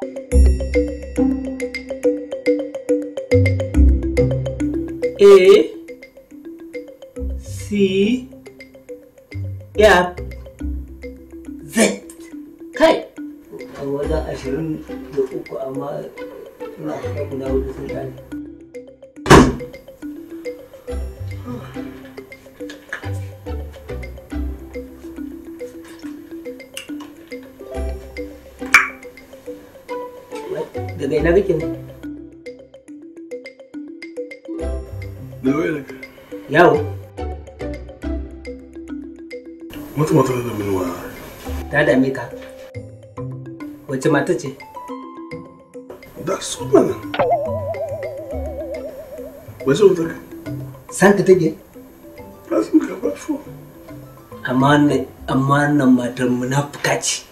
A C F Z kai a wajen ashirin da uku amma ina kuna hudu sun daga ina kake ne daga yawo wata mata da minuwa ta dame ka wace mata ce da su mana wace mata ka san ka take ba su ka ba su amma nan matar munafuka ce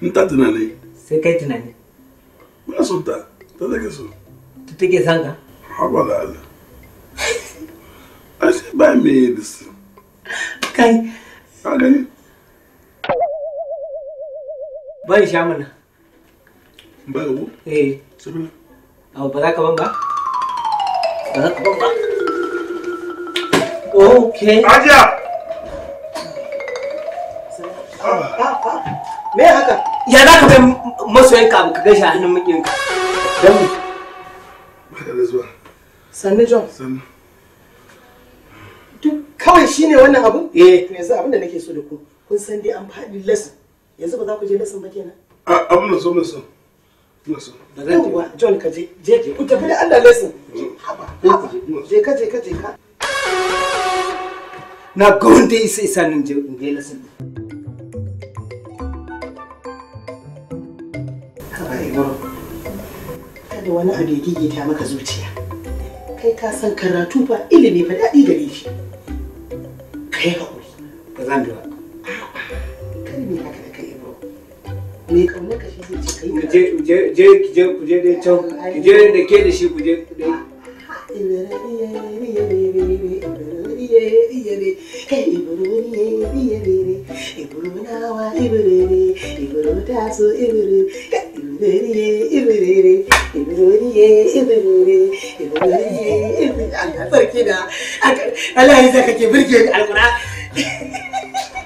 in ta tunani sai kai tunani so ta ta take so ta take san ka haba da Allah ba me this kai ka gani ban sha mana ba ko eh sabina ba za ka ba ba za me haka ya za ka bai masoyanka abu ka gashi a hannun maƙiyinka don mu barka da zuwa sannu john sannu duk kawai shine wannan abu eh yanzu abin da nake so da ku kun san dai an faɗi lesson yanzu ba za ku je lesson ba kenan a abin da so na so na so da zan je john ka je je ku tafi da Allah lesson je ka je ka je ka na je lesson kada wani abu ya gigita maka zuciya kai ka san karatu ba ilimi ba daɗi gare shi kai haƙuri ba zan biya kar me haka da kai ibro me kaunar ka shi zai ce kai ka je je je ki je ku je dai can ki je da ke da shi ku je dai Kai iburu ne, iburu nawa, iburu ne, iburu taso, iburu iberiye iberiye Allah ya saka ke burge ni alƙura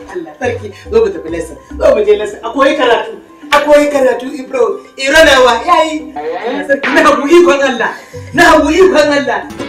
Allah sarki zo mu tafi lesson zo mu je lesson akwai karatu akwai karatu ibro iranawa yayi na hagu ikon Allah na hagu ikon Allah